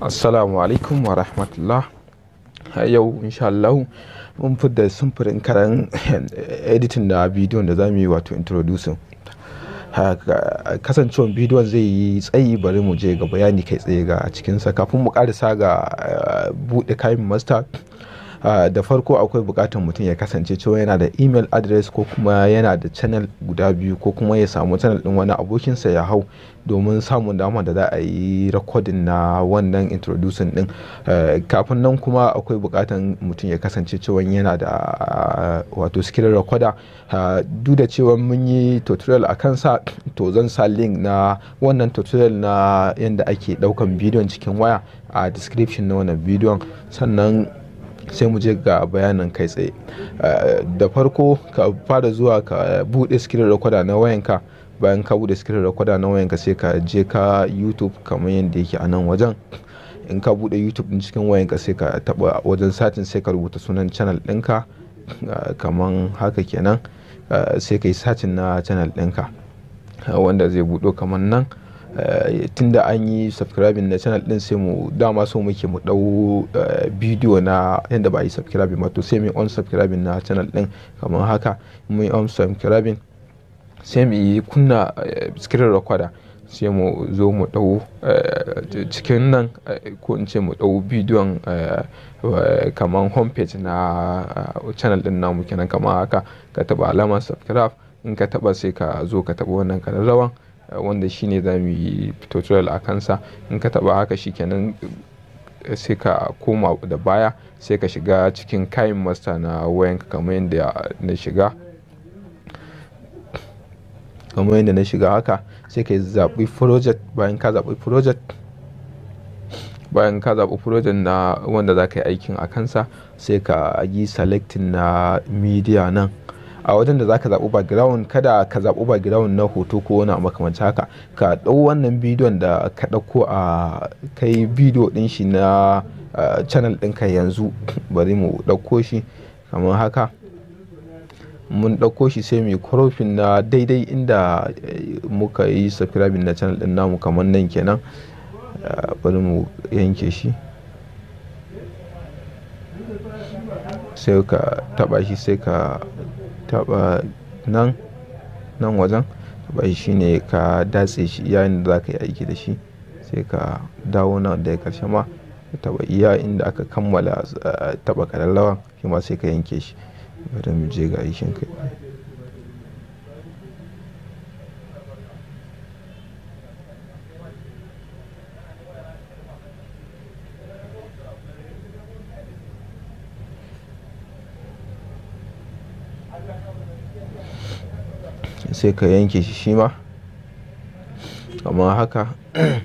assalamu alaikum wa rahmatullah yau insha Allah mun da sumfurin karan editing da bidiyon da za mu yi wato introducing kasancewar bidiyon zai yi tsayi bari mu je ga bayani kai tsaye ga cikinsa kafin mu karisa ga eh, buɗe kayan mustard Ah, da farko akwai bukatar mutum ya kasance cewa yana da email address ko kuma yana da channel guda biyu ko kuma ya samu channel din wani abokinsa ya hau domin samun dama da za a yi recording na wannan introducing din eh, kafin nan kuma akwai bukatan mutum ya kasance cewa yana da ah, wato skill recorder ah, duk da cewa mun yi tutorial a sa to zan sa link na wannan tutorial na yadda ake daukan bidiyon cikin waya a description na wannan bidiyon sannan sai mu je ga bayanin kai tsaye eh, da farko ka fara zuwa ka bude skirin recorder na wayanka bayan ka bude skirin rakwada na wayanka sai ka je ka youtube kamar yadda yake a nan wajen in ka bude youtube din cikin wayanka sai ka taɓa wajen satin sai ka rubuta sunan channel ɗinka eh, kamar haka kenan eh, sai ka yi satin na channel ɗinka wanda zai buɗo kamar nan Eh, tunda an yi subscribing na channel din sai mu dama so muke mu dau eh, bidiyo na yadda ba yi subscribing ba to sai mu on subscribing na channel din kamar haka mu on subscribing sai mu yi kunna eh, screen recorder sai mu zo mu dau cikin nan ko in ce mu dau bidiyon kamar homepage na channel din namu kenan kamar haka ka taba alamar subscribe in ka taba sai ka zo ka taba wannan kararrawan wanda shi ne za mu yi tutorial a kansa in ka taba haka shi kenan sai ka koma da baya sai ka shiga cikin kayan masta na wayanka kamar yadda na shiga kamar yadda na shiga haka sai ka zaɓi project bayan ka zaɓi project bayan ka zaɓi project na wanda za ka yi aikin a kansa sai ka yi selecting na media nan a wajen da zaka zaɓi background kada ka zaɓi background na hoto ko wani makamanci haka ka ɗau wannan bidiyon da ka ɗauko a kai bidiyo din shi na channel ɗinka yanzu bari mu ɗauko shi kamar haka mun ɗauko shi sai mai kurofin na daidai inda eh, muka yi subscribing na channel ɗin namu kamar nan kenan eh, bari mu yanke shi sai ka taɓa shi sai ka taɓa nan, nan wajen taɓa shi ne ka datse shi iya da za ka yi aiki da shi sai ka dawo nan ya karshe ma taba taɓa iya inda aka kammala eh, taɓa ƙararrawan shi ma sai ka yanke shi. Bari mu je ga aikin kai. sai ka yanke shi shi ma amma haka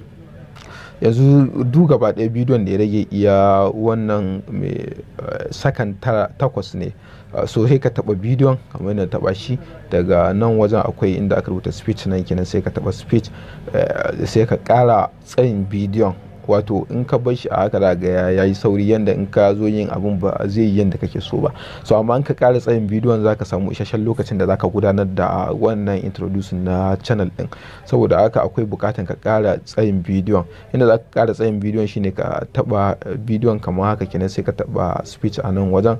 yanzu du gaba ɗaya bidiyon da ya rage iya wannan mai eh, sakan takwas ne ah, so sai ka taba bidiyon kamar yadda taba shi daga nan wajen akwai inda aka rubuta speech nan kenan sai ka taba speech eh, sai ka ƙara tsayin bidiyon wato in ka bar shi a haka daga ga ya yi sauri yanda in ka zo yin abun ba zai yi yanda kake so ba so amma in ka kara tsayin bidiyon zaka samu isasshen lokacin da za ka gudanar da wannan introducing na channel din saboda haka akwai bukatan ka kara tsayin bidiyon inda zaka ka tsayin bidiyon shine ka taba bidiyon kamar haka kenan sai ka taba speech a nan wajen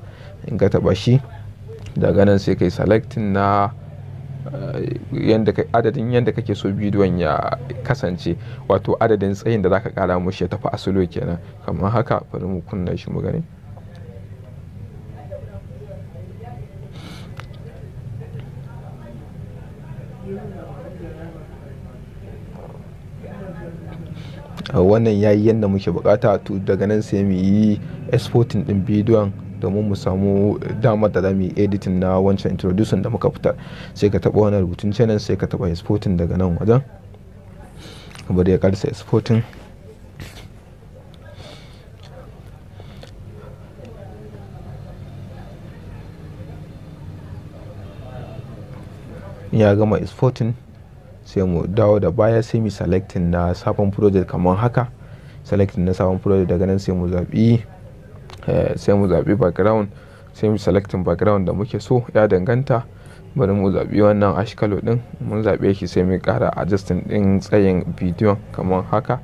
in ka taba shi daga nan sai kai selecting na adadin yadda kake so bidiyon ya kasance wato adadin tsayin da zaka kara mushi ya tafi asilo kenan kamar haka bari mu kunna shi mu gani wannan yayi yadda muke bukata to daga nan sai mu yi exporting din bidiyon domin mu samu damar da zamu yi editing na wancan introducing da muka fitar sai ka taba wani rubutun channel sai ka taba exporting daga nan wajen bari ya karsa exporting ya gama exporting sai mu dawo da baya sai mu selecting na sabon project kamar haka selecting na sabon project daga nan sai mu zaɓi Eh, sai mu zaɓi background sai mu selectin background da muke so ya danganta bari mu zaɓi wannan ash din ɗin mun zaɓe shi sai mu ƙara adjusting ɗin tsayin bidiyon kamar haka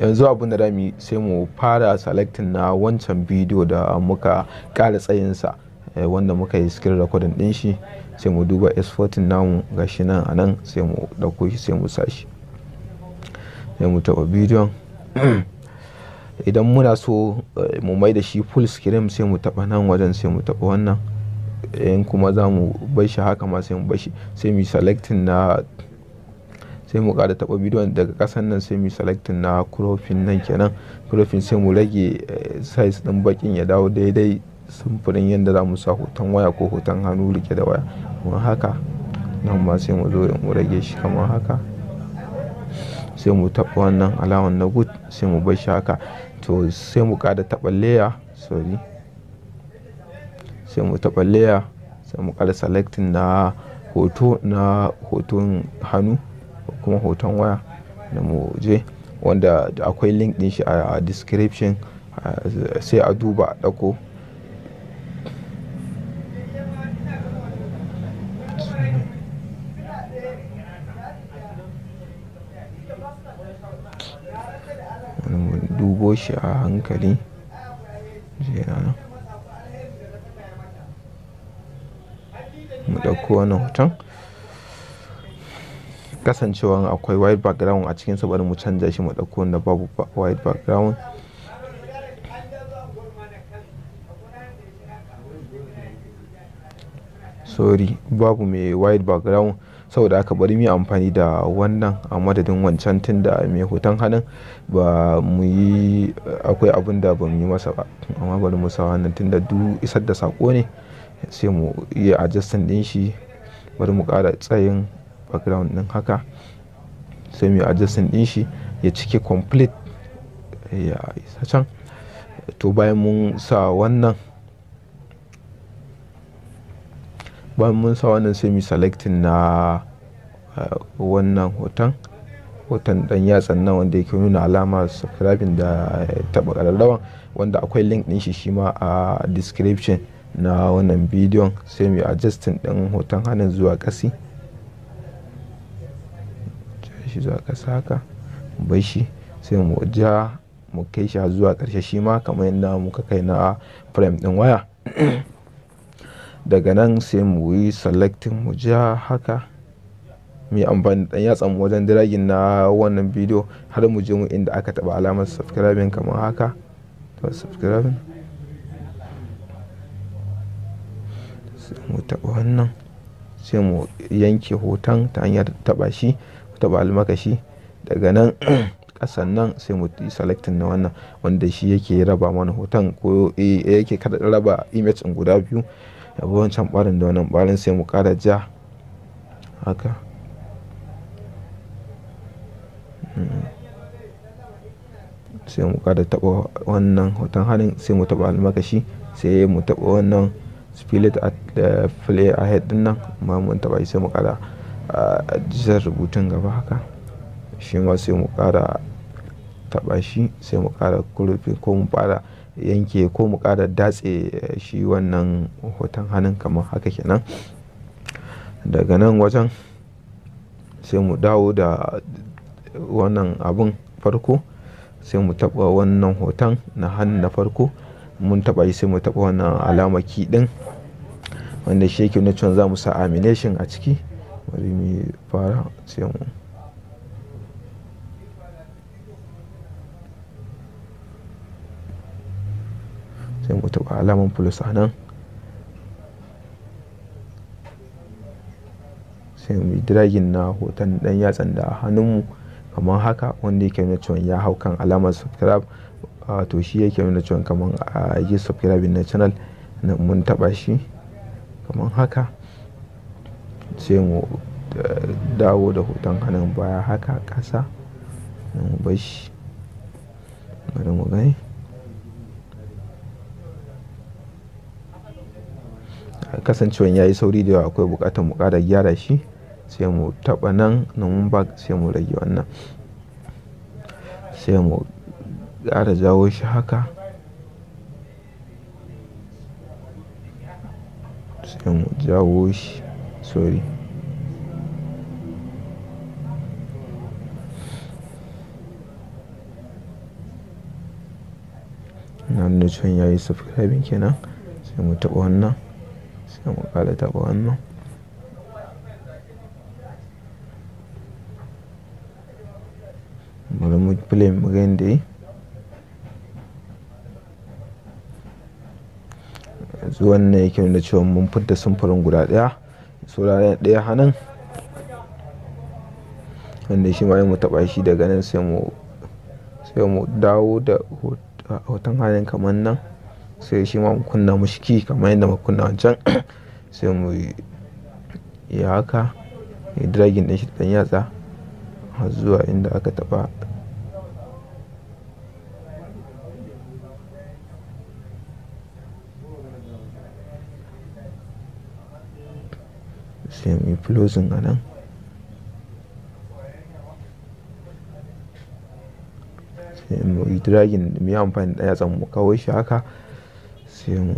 yanzu abin da sai mu fara selectin na wancan bidiyo da muka ƙara tsayinsa eh, wanda muka yi screen recording din shi sai mu duba s14 namu ga shi nan a nan sai mu ɗauko shi sai mu sa shi sai mu taɓa bidiyon idan muna so eh, mu mai da shi full screen sai mu taɓa nan wajen sai mu taɓa wannan in kuma za mu bai shi haka ma sai mu bai shi sai mu selecting na sai mu ƙara taɓa bidiyon daga ƙasan nan sai mu selecting na cropping nan kenan cropping sai mu rage eh, size din bakin ya dawo daidai samfurin yadda za mu sa hoton waya ko hoton hannu rike da waya kuma haka nan ma sai mu zo mu rage shi kamar haka sai mu taɓa wannan alawan na good sai mu bai shi haka to sai mu kada taba layer sorry sai mu taba layer sai mu kada selecting na hoto na hoton hannu kuma hoton waya da mu je wanda akwai link din shi a description sai a duba a ɗauko ɗago shi a hankali jera mu ɗauko wannan hoton kasancewa akwai white background a cikin bari mu canza shi mu ɗauko wanda babu white background sorry babu mai white background saboda aka bari mu yi amfani da wannan a madadin wancan tun da mai hoton hannun ba mu yi akwai abin da ba mu yi masa ba amma bari mu sa wannan tun da duk isar da sako ne sai mu iya adjustin din shi bari mu kara tsayin background din haka sai mu yi adjustin din shi ya cike complete ya isa can to bayan mun sa wannan bayan mun sa wannan sai mu selectin na eh, wannan hoton hoton dan yatsan nan wanda yake nuna alama subscribing da eh, taba kararrawan wanda akwai link din shi shi ma a description na wannan bidiyon sai mu adjusting din hoton hannun zuwa kasi shi zuwa kasa haka bai shi sai mu ja mu kai shi zuwa karshe shi ma kamar yadda muka kai na frame din waya daga nan sai mu yi selectin mu ja haka mai amfani da ɗan yatsan wajen dragin na wannan bidiyo har mu je mu inda aka taɓa alamar subscribing kamar haka to subscribing mu taɓa wannan sai mu yanke hoton ta hanyar taɓa shi taɓa almakashi daga nan kasan nan sai mu yi selectin na wannan wanda shi yake raba mana hoton ko eh, yake kada raba image guda biyu ya bi wancan barin da wannan barin sai mu ƙara ja haka mm. sai mu ƙara taɓa wannan hoton hannun sai mu taɓa almakashi sai mu taba wannan spirit a the a ahead din nan ma mun taɓa sai mu ƙara ah, jisar rubutun gaba haka shi ma sai mu ƙara taba shi sai mu ƙara kurufi ko mu fara yanke ko mu ƙara datse eh, shi wannan hoton hannun kamar haka kenan daga nan wajen sai mu dawo da wannan abun farko sai mu taɓa wannan hoton na hannu na farko mun taɓa yi sai mu taɓa wannan alama ki ɗin wanda shi yake na cewa za mu sa amination a ciki bari mu fara sai mu sai mu taɓa alaman plus a nan sai mu yi dragin na hoton dan yatsan da hannunmu kamar haka wanda yake nuna cewa ya hau kan alamar subscribe to shi yake nuna cewa kamar a yi subscribe na channel na mun taɓa shi kamar haka sai mu dawo da hoton hannun baya haka ƙasa mu bar shi mu gani kasancewan ya yi sauri da yawa akwai bukatar mu kara gyara shi sai mu taɓa nan nan ba sai mu rage wannan sai mu kara jawo shi haka sai mu jawo shi sorry na nuna can ya yi subscribing kenan sai mu taɓa wannan sai mu ƙara taɓa wannan bari mu play mu ga yanzu wannan yake nuna cewa mun fitta samfurin guda ɗaya saura daya hannun wanda shi ma mu taba shi daga nan sai mu dawo da hoton hannun kamar nan sai shi ma mu kunna mushi ki kamar yadda muka kunna wancan sai mu yi haka ya dragin ɗin shi da ɗan yatsa zuwa inda aka taɓa sai mu yi closing a nan sai mu yi dragging mu yi amfani da yatsa mu kawo shi haka sai mu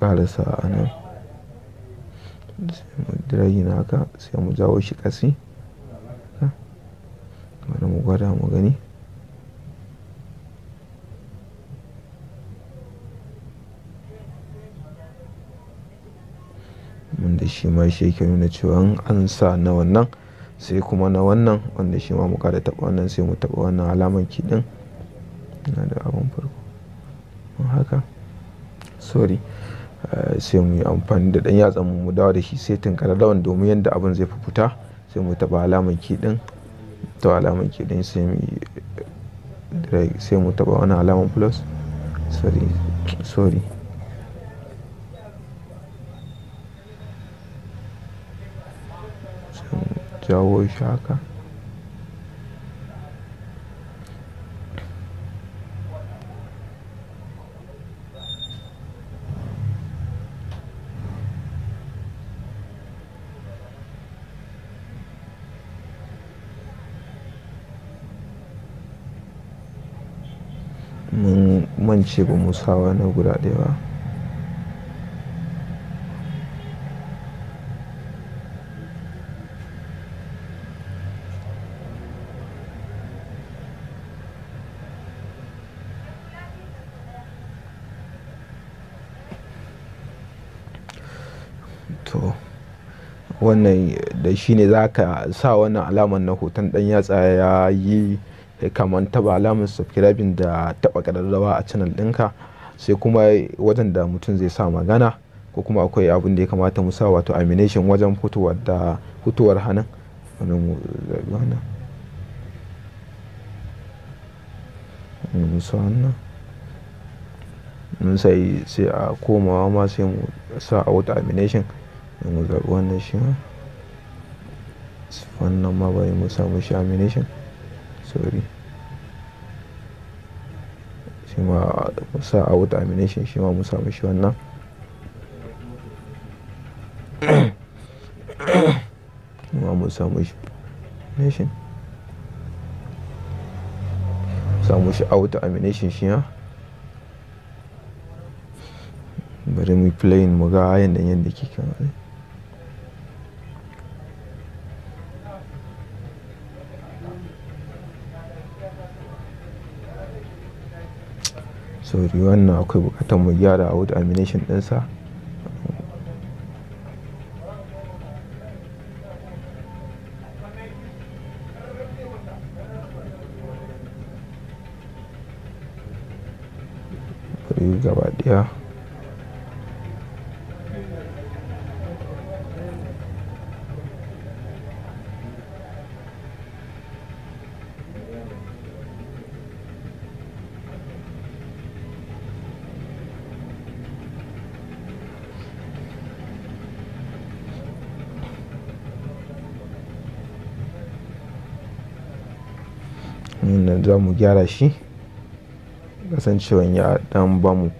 ƙarasa a nan sai mu na haka sai mu jawo shi ƙasi wani mu gwada mu gani wanda shi ma shi yake nuna cewa an sa na wannan sai kuma na wannan wanda shi ma mu kada taba wannan sai mu taba wannan alaman kidan na da abin farko haka sorry eh, sai mu yi amfani da ɗan yatsan mu dawo da shi sai kada lawan domin yadda abin zai fi fita sai mu taɓa alamar ki ɗin ta alamar ki ɗin sai mu eh, sai mu taɓa wani alaman plus sorry sorry jawo shi haka mance ba musawa na guda ɗaya ba to wannan da shine za ka sa wannan alamar na hoton ɗan yatsa ya yi Eh, kamar taba alamar subscribing da taba kararrawa a channel dinka sai kuma wajen da mutum zai sa magana ko kuma akwai abin da ya kamata mu sa wato amination wajen fitowar da fitowar hannun wannan musa wannan mun sai sai a komawa ma sai mu sa auto amination da mu zaɓi wannan shi ma wannan ma bari mu samu shi amination sauri shi ma sa wuta amination shi ma musa mashi wannan shi ma mun samu shi amination samu shi out amination shi ya bari mu playing mu ga yadda yadda kika wani so wannan akwai buƙatar mu gyara wood amination dinsa. wannan za mu gyara shi kasancewa ya ba bamu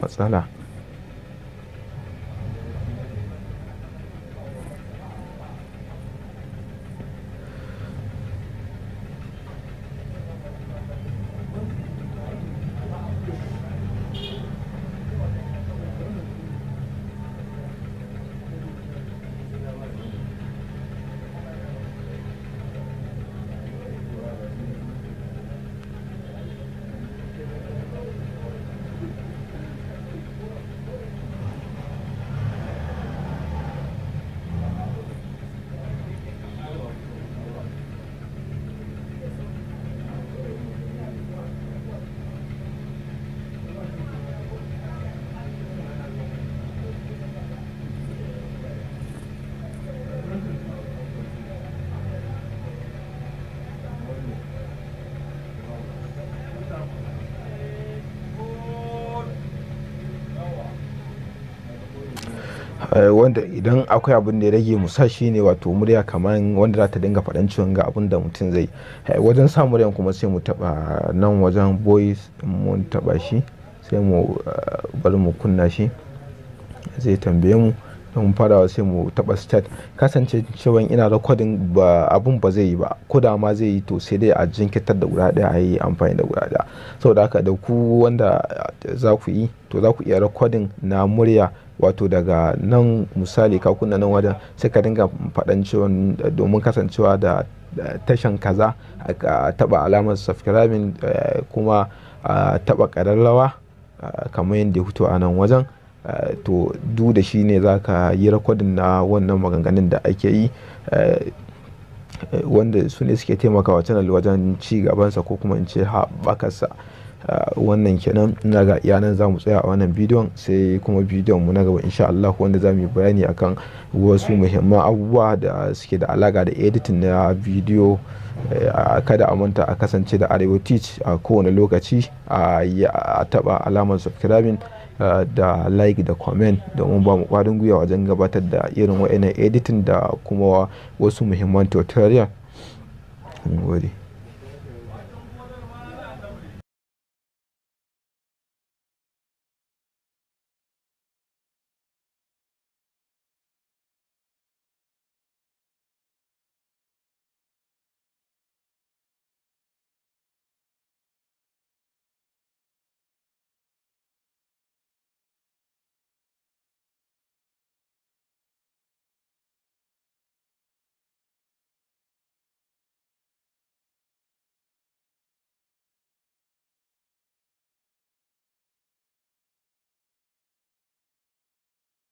matsala. Eh, wanda idan akwai abin da ya rage musa shi ne wato murya kamar wanda za ta dinga faɗan ciwon ga abin da mutum zai eh, wajen sa muryan kuma sai mu taɓa nan wajen boys mun taɓa shi sai mu eh, bari mu kunna shi zai tambaye mu don farawa sai mu taba stat kasance cewa ina rekodin ba abun ba zai yi ba ko da ma zai yi to sai dai a jinkitar da guda ɗaya a yi amfani da guda ɗaya saboda haka da ku wanda za ku yi to za ku iya rekodin na murya wato daga nan misali ka kunna nan wajen sai ka dinga faɗan cewa domin kasancewa da tashan kaza a taba alamar subscribing eh, kuma a taɓa ƙararrawa kamar yadda ya fito a nan wajen to du da shi ne za ka yi rakodin na wannan maganganun da ake yi wanda su ne suke taimakawa canal wajen ci gabansa ko kuma in ce haɓakarsa wannan kenan ina ga iyanan za mu tsaya a wannan bidiyon sai kuma bidiyon mu na gaba insha Allah wanda za mu yi bayani akan wasu muhimman abubuwa da suke da alaka da editing na bidiyo kada a manta a kasance da arewa teach a kowane lokaci a taba alamar subscribing da like da comment domin ba mu kwarin gwiwa wajen gabatar da irin wa'ina editing da kuma wasu muhimman tutorial.